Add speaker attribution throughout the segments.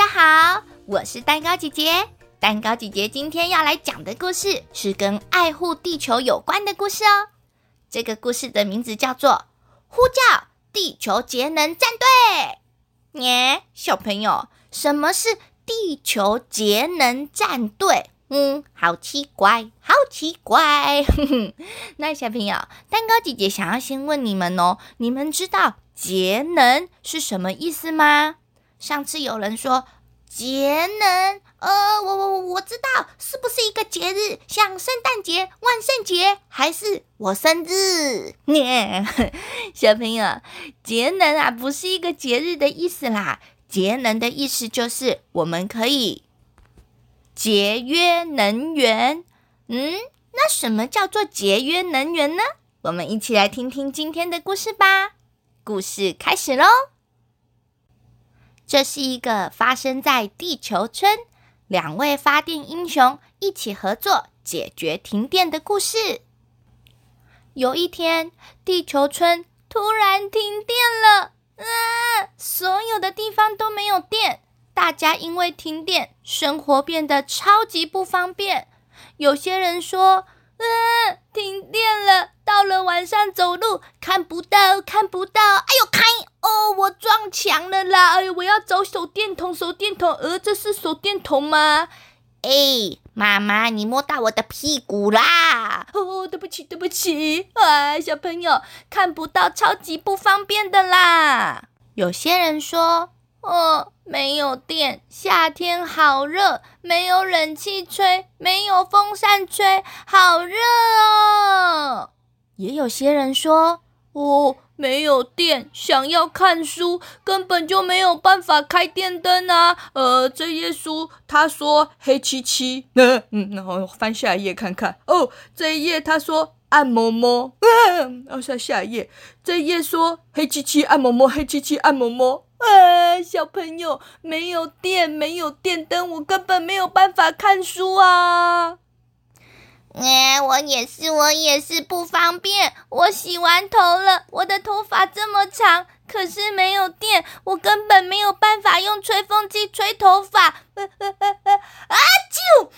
Speaker 1: 大家好，我是蛋糕姐姐。蛋糕姐姐今天要來講的故事是跟愛護地球有關的故事哦。這個故事的名字叫做《呼叫地球節能戰隊》。耶，嗯，小朋友，什麼是地球節能戰隊？嗯，好奇怪，好奇怪。 那小朋友，蛋糕姐姐想要先問你們哦，你們知道節能是什麼意思嗎？上次有人說節能，呃，我我我我知道，是不是一個節日？像聖誕節、萬聖節，還是我生日？Yeah, 小朋友，節能啊，不是一個節日的意思啦。節能的意思就是我們可以節約能源。嗯，那什麼叫做節約能源呢？我們一起來聽聽今天的故事吧。故事開始嘍。這是一個發生在地球村，兩位發電英雄一起合作解決停電的故事。有一天，地球村突然停電了，啊，所有的地方都沒有電，大家因為停電，生活變得超級不方便。有些人說，嗯、呃，停電了，到了晚上走路看不到，看不到。哎呦，開！哦，我撞牆了啦！哎呦，我要找手電筒，手電筒。呃，這是手電筒嗎？哎、欸，媽媽，你摸到我的屁股啦！哦，對不起，對不起。啊、哎，小朋友看不到，超級不方便的啦。有些人說。哦，沒有電，夏天好熱，沒有冷氣吹，沒有風扇吹，好熱哦。也有些人說，哦，沒有電，想要看書，根本就沒有辦法開電燈呢、啊。呃，這頁書他說黑漆漆呢，嗯，然後翻下一頁看看，哦，這一頁他說暗摸摸，嗯、呃，然、哦、後下，下一頁，這一頁說黑漆漆暗摸摸，黑漆漆暗摸摸。呃、哎，小朋友沒有電，沒有電燈，我根本沒有辦法看書啊！嗯、呃，我也是，我也是不方便。我洗完頭了，我的頭髮這麼長，可是沒有電，我根本沒有辦法用吹風機吹頭髮。啊！就，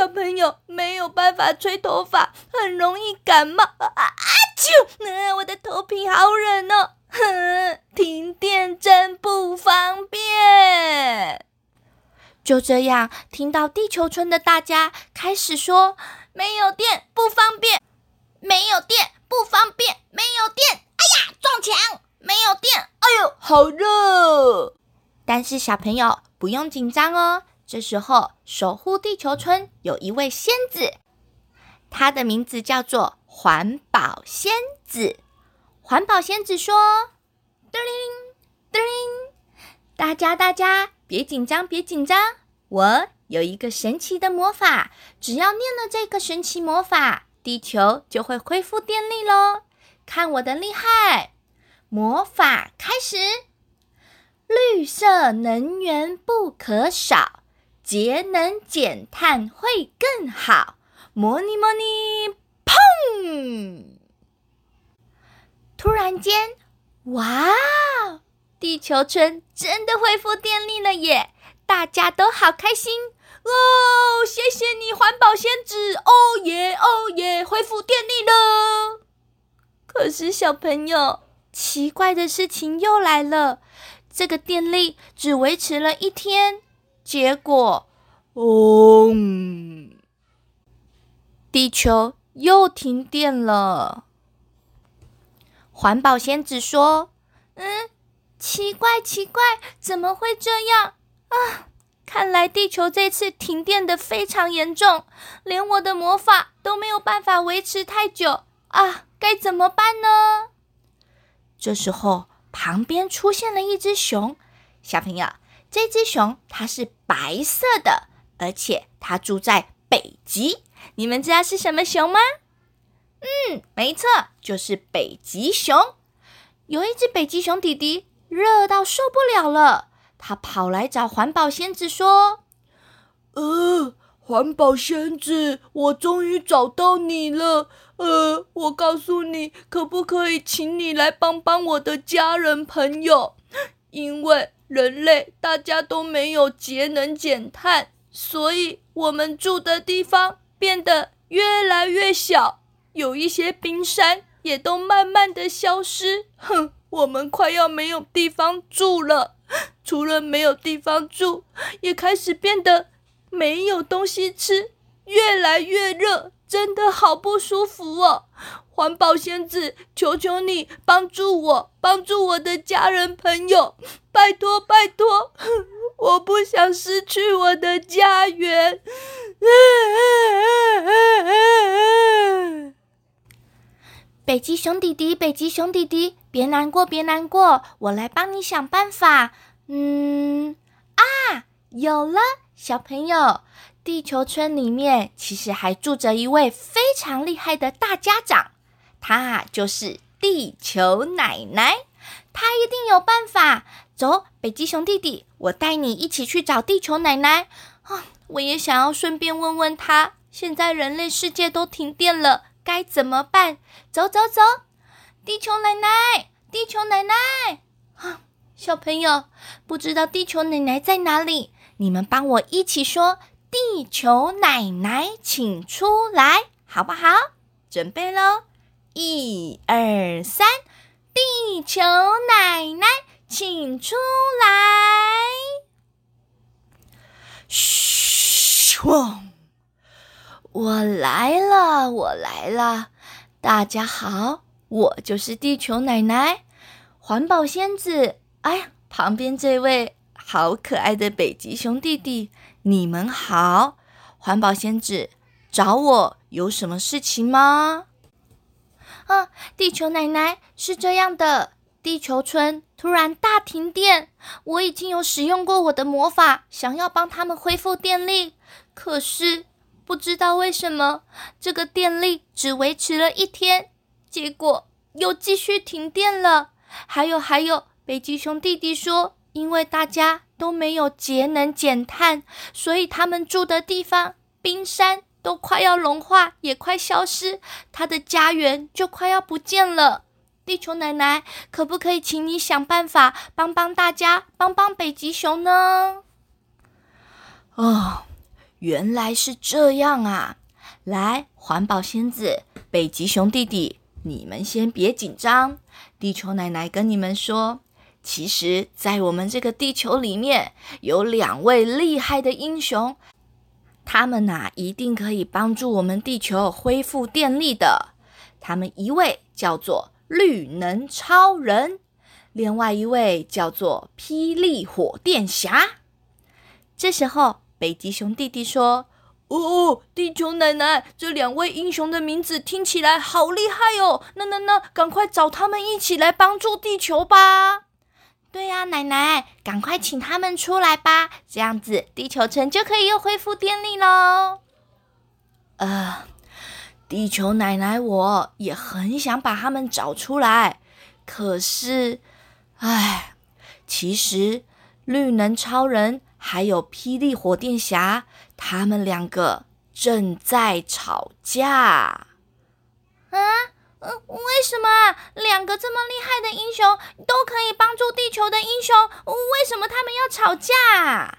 Speaker 1: 小朋友沒有辦法吹頭髮，很容易感冒啊。哎、呃，我的頭皮好冷哦！哼，停電真不方便。就這樣，聽到地球村的大家開始說：“沒有電不方便，沒有電不方便，沒有電，不方便沒有電”哎呀，撞牆！沒有電，哎呦，好熱！但是小朋友不用緊張哦，這時候守護地球村有一位仙子，她的名字叫做，環保仙子，環保仙子說：“叮鈴叮鈴，大家大家別緊張，別緊張，我有一個神奇的魔法，只要念了這個神奇魔法，地球就會恢復電力嘍！看我的厲害，魔法開始！綠色能源不可少，節能減碳會更好，模擬模擬。砰！碰突然間，哇！地球村真的恢復電力了耶！大家都好開心哦！謝謝你，環保仙子！哦耶！哦耶！恢復電力了。可是，小朋友，奇怪的事情又來了。這個電力只維持了一天，結果，嗡、哦！嗯、地球。又停電了！環保仙子說：“嗯，奇怪，奇怪，怎麼會這樣啊？看來地球這次停電得非常嚴重，連我的魔法都沒有辦法維持太久啊！該怎麼辦呢？”這時候，旁邊出現了一隻熊。小朋友，這隻熊它是白色的，而且它住在北極。你們知道是什麼熊嗎？嗯，沒錯，就是北極熊。有一隻北極熊弟弟熱到受不了了，他跑來找環保仙子說：“呃，環保仙子，我終於找到你了。呃，我告訴你，可不可以請你來幫幫我的家人朋友？因為人類大家都沒有節能減碳，所以我們住的地方……”變得越來越小，有一些冰山也都慢慢的消失。哼，我們快要沒有地方住了，除了沒有地方住，也開始變得沒有東西吃，越來越熱。真的好不舒服哦，環保仙子，求求你幫助我，幫助我的家人朋友，拜托拜托，我不想失去我的家園。北極熊弟弟，北極熊弟弟，別難過，別難過，我來幫你想辦法。嗯，啊，有了，小朋友。地球村裡面其實還住着一位非常厲害的大家長，他就是地球奶奶，他一定有辦法。走，北極熊弟弟，我帶你一起去找地球奶奶。啊，我也想要順便問問他，現在人類世界都停電了，該怎麼辦？走走走，地球奶奶，地球奶奶啊！小朋友，不知道地球奶奶在哪裡，你們幫我一起說。地球奶奶，請出來好不好？準備嘍，一二三，地球奶奶，請出來！噓，我來了，我來了，大家好，我就是地球奶奶，環保仙子。哎呀，旁邊這位好可愛的北極熊弟弟。你們好，環保仙子，找我有什麼事情嗎？嗯、啊，地球奶奶是這樣的，地球村突然大停電，我已經有使用過我的魔法，想要幫他們恢復電力，可是不知道為什麼這個電力只維持了一天，結果又繼續停電了。還有還有，北極熊弟弟說。因為大家都沒有節能減碳，所以他們住的地方冰山都快要融化，也快消失，他的家園就快要不見了。地球奶奶，可不可以請你想辦法幫幫大家，幫幫北極熊呢？哦，原來是這樣啊！來，環保仙子，北極熊弟弟，你們先別緊張，地球奶奶跟你們說。其實，在我們這個地球裡面，有兩位厲害的英雄，他們吶、啊、一定可以幫助我們地球恢復電力的。他們一位叫做綠能超人，另外一位叫做霹靂火電俠。這時候，北極熊弟弟說：“哦，地球奶奶，這兩位英雄的名字聽起來好厲害哦！那那那，趕快找他們一起來幫助地球吧！”對呀、啊，奶奶，趕快請他們出來吧，這樣子地球城就可以又恢復電力嘍。呃，地球奶奶，我也很想把他們找出來，可是，哎，其實綠能超人還有霹靂火電俠，他們兩個正在吵架。啊、嗯？為什麼啊？兩個這麼厲害的英雄都可以幫助地球的英雄，為什麼他們要吵架？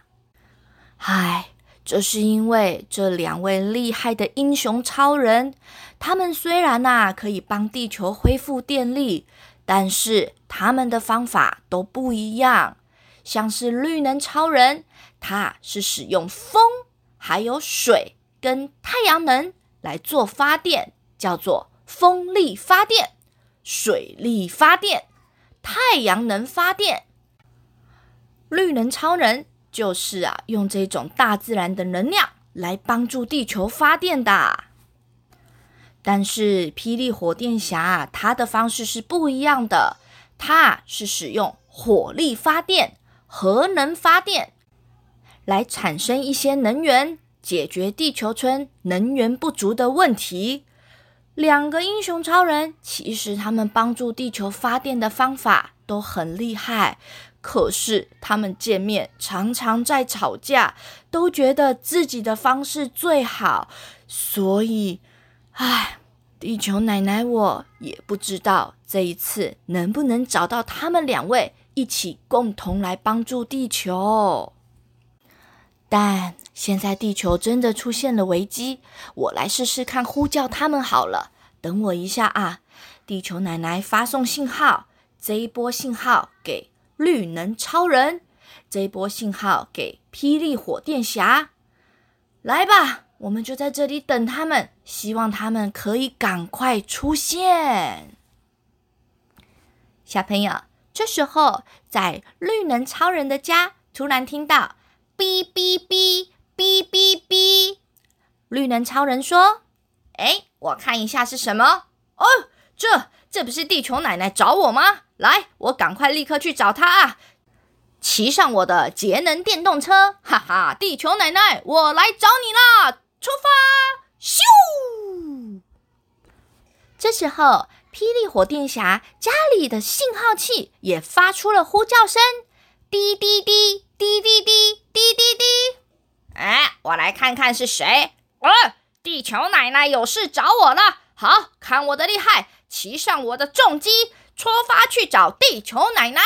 Speaker 1: 唉，這是因為這兩位厲害的英雄超人，他們雖然吶、啊、可以幫地球恢復電力，但是他們的方法都不一樣。像是綠能超人，他是使用風、還有水跟太陽能來做發電，叫做，風力發電、水力發電、太陽能發電，綠能超人就是啊，用這種大自然的能量來幫助地球發電的。但是，霹靂火電俠啊，他的方式是不一樣的，他是使用火力發電、核能發電來產生一些能源，解決地球村能源不足的問題。兩個英雄超人，其實他們幫助地球發電的方法都很厲害，可是他們見面常常在吵架，都覺得自己的方式最好，所以，唉，地球奶奶我也不知道這一次能不能找到他們兩位一起共同來幫助地球。但現在地球真的出現了危機，我來試試看呼叫他們好了。等我一下啊！地球奶奶發送信號，這一波信號給綠能超人，這一波信號給霹靂火電俠。來吧，我們就在這裡等他們，希望他們可以趕快出現。小朋友，這時候在綠能超人的家，突然聽到。嗶嗶嗶嗶嗶嗶！綠能超人說：“哎，我看一下是什麼。哦，這這不是地球奶奶找我嗎？來，我趕快立刻去找她啊！騎上我的節能電動車，哈哈！地球奶奶，我來找你啦！出發！咻！”這時候，霹靂火電俠家裡的信號器也發出了呼叫聲：滴滴滴。滴滴滴滴滴滴！哎、啊，我來看看是誰。啊，地球奶奶有事找我了。好，看我的厲害，騎上我的重機，出發去找地球奶奶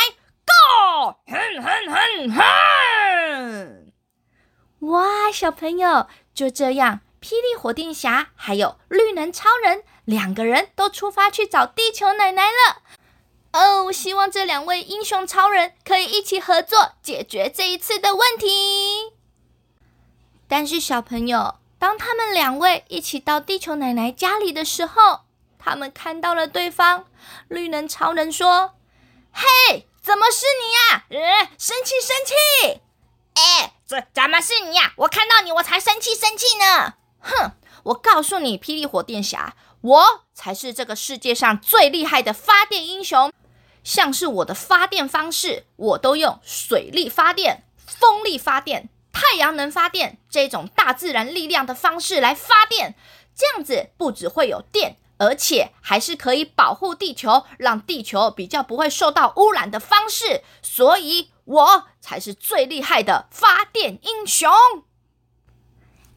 Speaker 1: ，Go！哼哼哼哼！嗯嗯嗯、哇，小朋友，就這樣，霹靂火電俠還有綠能超人兩個人都出發去找地球奶奶了。哦，oh, 我希望這兩位英雄超人可以一起合作解決這一次的問題。但是小朋友，當他們兩位一起到地球奶奶家裡的時候，他們看到了對方，綠能超人說：“嘿，怎麼是你呀？嗯，生氣，生氣！哎，這怎麼是你呀？我看到你我才生氣，生氣呢！哼，我告訴你，霹靂火電俠，我才是這個世界上最厲害的發電英雄。”像是我的發電方式，我都用水力發電、風力發電、太陽能發電這種大自然力量的方式來發電。這樣子不只會有電，而且還是可以保護地球，讓地球比較不會受到汙染的方式。所以我才是最厲害的發電英雄。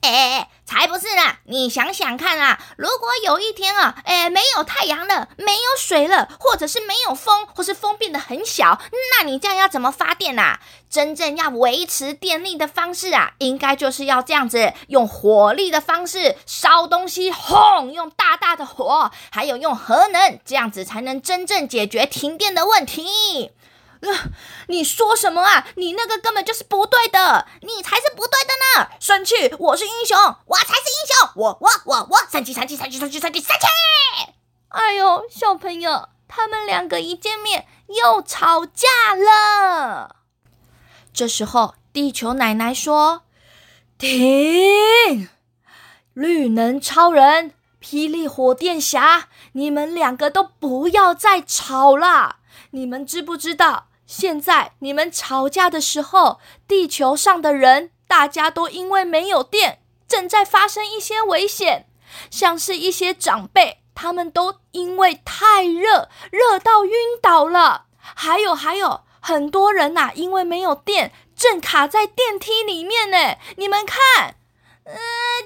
Speaker 1: 哎，才不是呢！你想想看啊，如果有一天啊，哎，沒有太陽了，沒有水了，或者是沒有風，或是風變得很小，那你這樣要怎麼發電呢？真正要維持電力的方式啊，應該就是要這樣子，用火力的方式燒東西，轟，用大大的火，還有用核能，這樣子才能真正解決停電的問題。呃，你說什麼啊？你那個根本就是不對的，你才是不對的呢！生氣，我是英雄，我才是英雄，我我我我生氣生氣生氣生氣生氣生氣！氣氣氣氣哎呦，小朋友，他們兩個一見面又吵架了。這時候，地球奶奶說：“停，綠能超人、霹靂火電俠，你們兩個都不要再吵了。你們知不知道？”現在你們吵架的時候，地球上的人大家都因為沒有電，正在發生一些危險，像是一些長輩，他們都因為太熱，熱到暈倒了。還有還有很多人吶、啊，因為沒有電，正卡在電梯裡面呢。你們看，呃，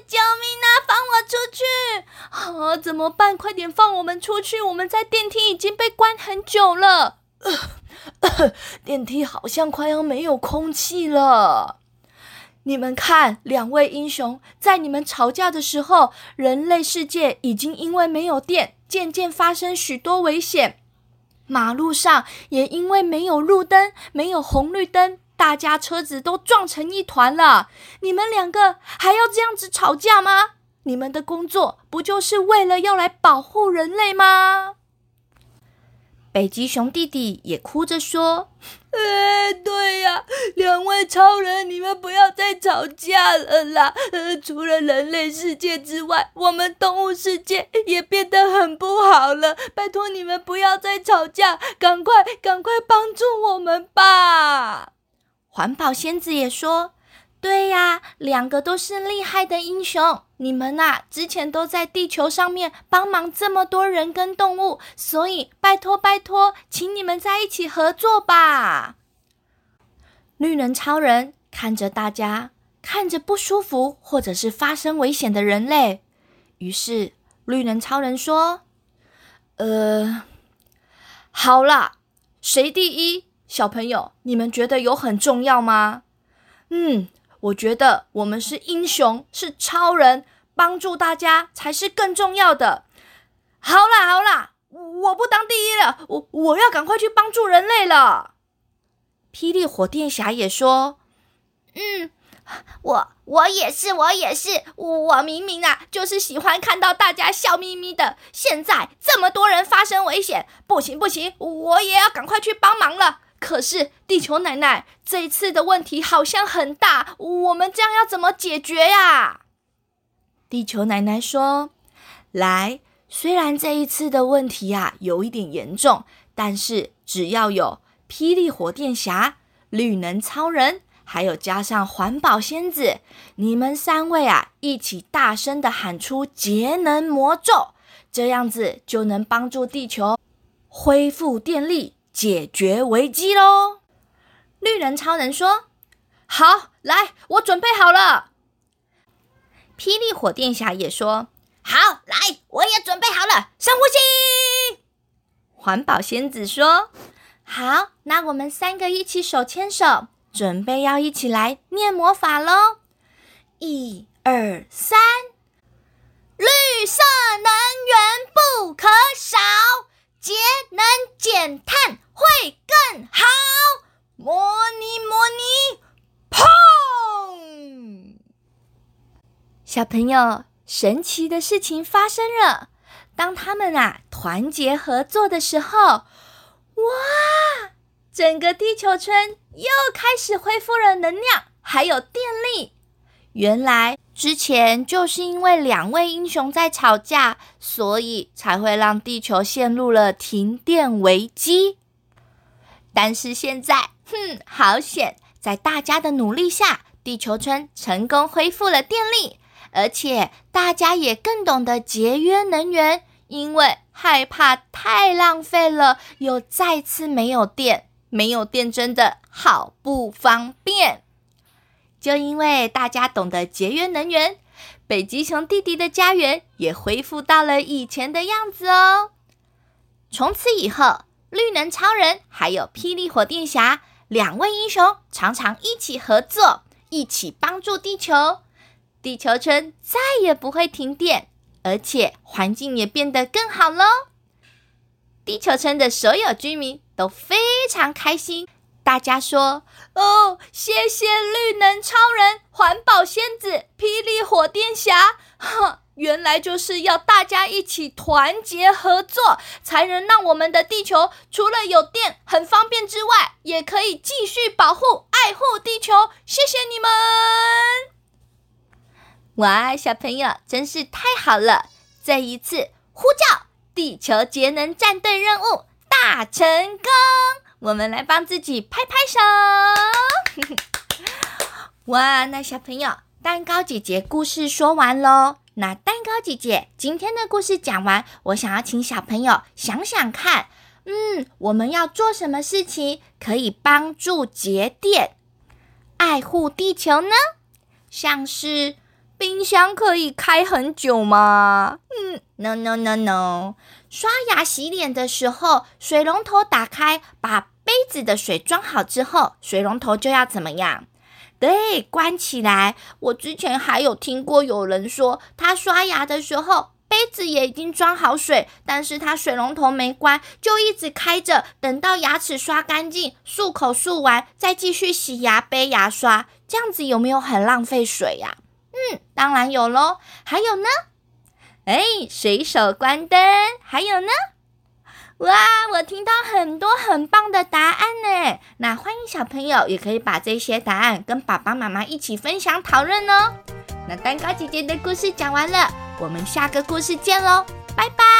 Speaker 1: 救命啊，放我出去！啊、哦，怎麼辦？快點放我們出去！我們在電梯已經被關很久了。呃，呃，電梯好像快要沒有空氣了。你們看，兩位英雄，在你們吵架的時候，人類世界已經因為沒有電，漸漸發生許多危險。馬路上也因為沒有路燈，沒有紅綠燈，大家車子都撞成一團了。你們兩個還要這樣子吵架嗎？你們的工作不就是為了要來保護人類嗎？北極熊弟弟也哭着說：“哎、欸，對呀、啊，兩位超人，你們不要再吵架了啦，呃，除了人類世界之外，我們動物世界也變得很不好了。拜托你們不要再吵架，趕快趕快幫助我們吧！”環保仙子也說。對呀、啊，兩個都是厲害的英雄。你們吶、啊，之前都在地球上面幫忙這麼多人跟動物，所以拜托拜托，請你們在一起合作吧。綠能超人看着大家，看着不舒服或者是發生危險的人類，於是綠能超人說：“呃，好了，誰第一？小朋友，你們覺得有很重要嗎？嗯。”我覺得我們是英雄，是超人，幫助大家才是更重要的。好啦好啦，我不當第一了，我我要趕快去幫助人類了。霹靂火電俠也說：“嗯，我我也是，我也是，我明明啊，就是喜歡看到大家笑眯眯的。現在這麼多人發生危險，不行不行，我也要趕快去幫忙了。”可是，地球奶奶，這一次的問題好像很大，我們這樣要怎麼解決呀、啊？地球奶奶說：“來，雖然這一次的問題啊有一點嚴重，但是只要有霹靂火電俠、綠能超人，還有加上環保仙子，你們三位啊一起大聲的喊出節能魔咒，這樣子就能幫助地球恢復電力。”解決危機嘍！綠人超人說：“好，來，我準備好了。”霹靂火電俠也說：“好，來，我也準備好了。”深呼吸。環保仙子說：“好，那我們三個一起手牽手，準備要一起來念魔法嘍！”一、二、三，綠色能源不可少。節能減碳會更好，魔力魔力，砰！小朋友，神奇的事情發生了。當他們啊團結合作的時候，哇，整個地球村又開始恢復了能量，還有電力。原來之前就是因為兩位英雄在吵架，所以才會讓地球陷入了停電危機。但是現在，哼，好險！在大家的努力下，地球村成功恢復了電力，而且大家也更懂得節約能源，因為害怕太浪費了，又再次沒有電。沒有電真的好不方便。就因為大家懂得節約能源，北極熊弟弟的家園也恢復到了以前的樣子哦。從此以後，綠能超人還有霹靂火電俠兩位英雄常常一起合作，一起幫助地球。地球村再也不會停電，而且環境也變得更好嘍。地球村的所有居民都非常開心。大家說：“哦，謝謝綠能超人、環保仙子、霹靂火電俠，哼，原來就是要大家一起團結合作，才能讓我們的地球除了有電很方便之外，也可以繼續保護愛護地球。謝謝你們！哇，小朋友真是太好了！這一次呼叫地球節能戰隊任務大成功。”我們來幫自己拍拍手。 哇，那小朋友，蛋糕姐姐故事說完嘍。那蛋糕姐姐今天的故事講完，我想要請小朋友想想看，嗯，我們要做什麼事情可以幫助節電、愛護地球呢？像是。冰箱可以開很久嗎？嗯，no no no no。刷牙洗臉的時候，水龍頭打開，把杯子的水裝好之後，水龍頭就要怎麼樣？對，關起來。我之前還有聽過有人說，他刷牙的時候杯子也已經裝好水，但是他水龍頭沒關，就一直開着，等到牙齒刷乾淨、漱口漱完，再繼續洗牙杯、牙刷，這樣子有沒有很浪費水呀、啊？嗯，當然有嘍。還有呢？哎，隨手關燈。還有呢？哇，我聽到很多很棒的答案呢。那歡迎小朋友，也可以把這些答案跟爸爸媽媽一起分享討論哦。那蛋糕姐姐的故事講完了，我們下個故事見嘍，拜拜。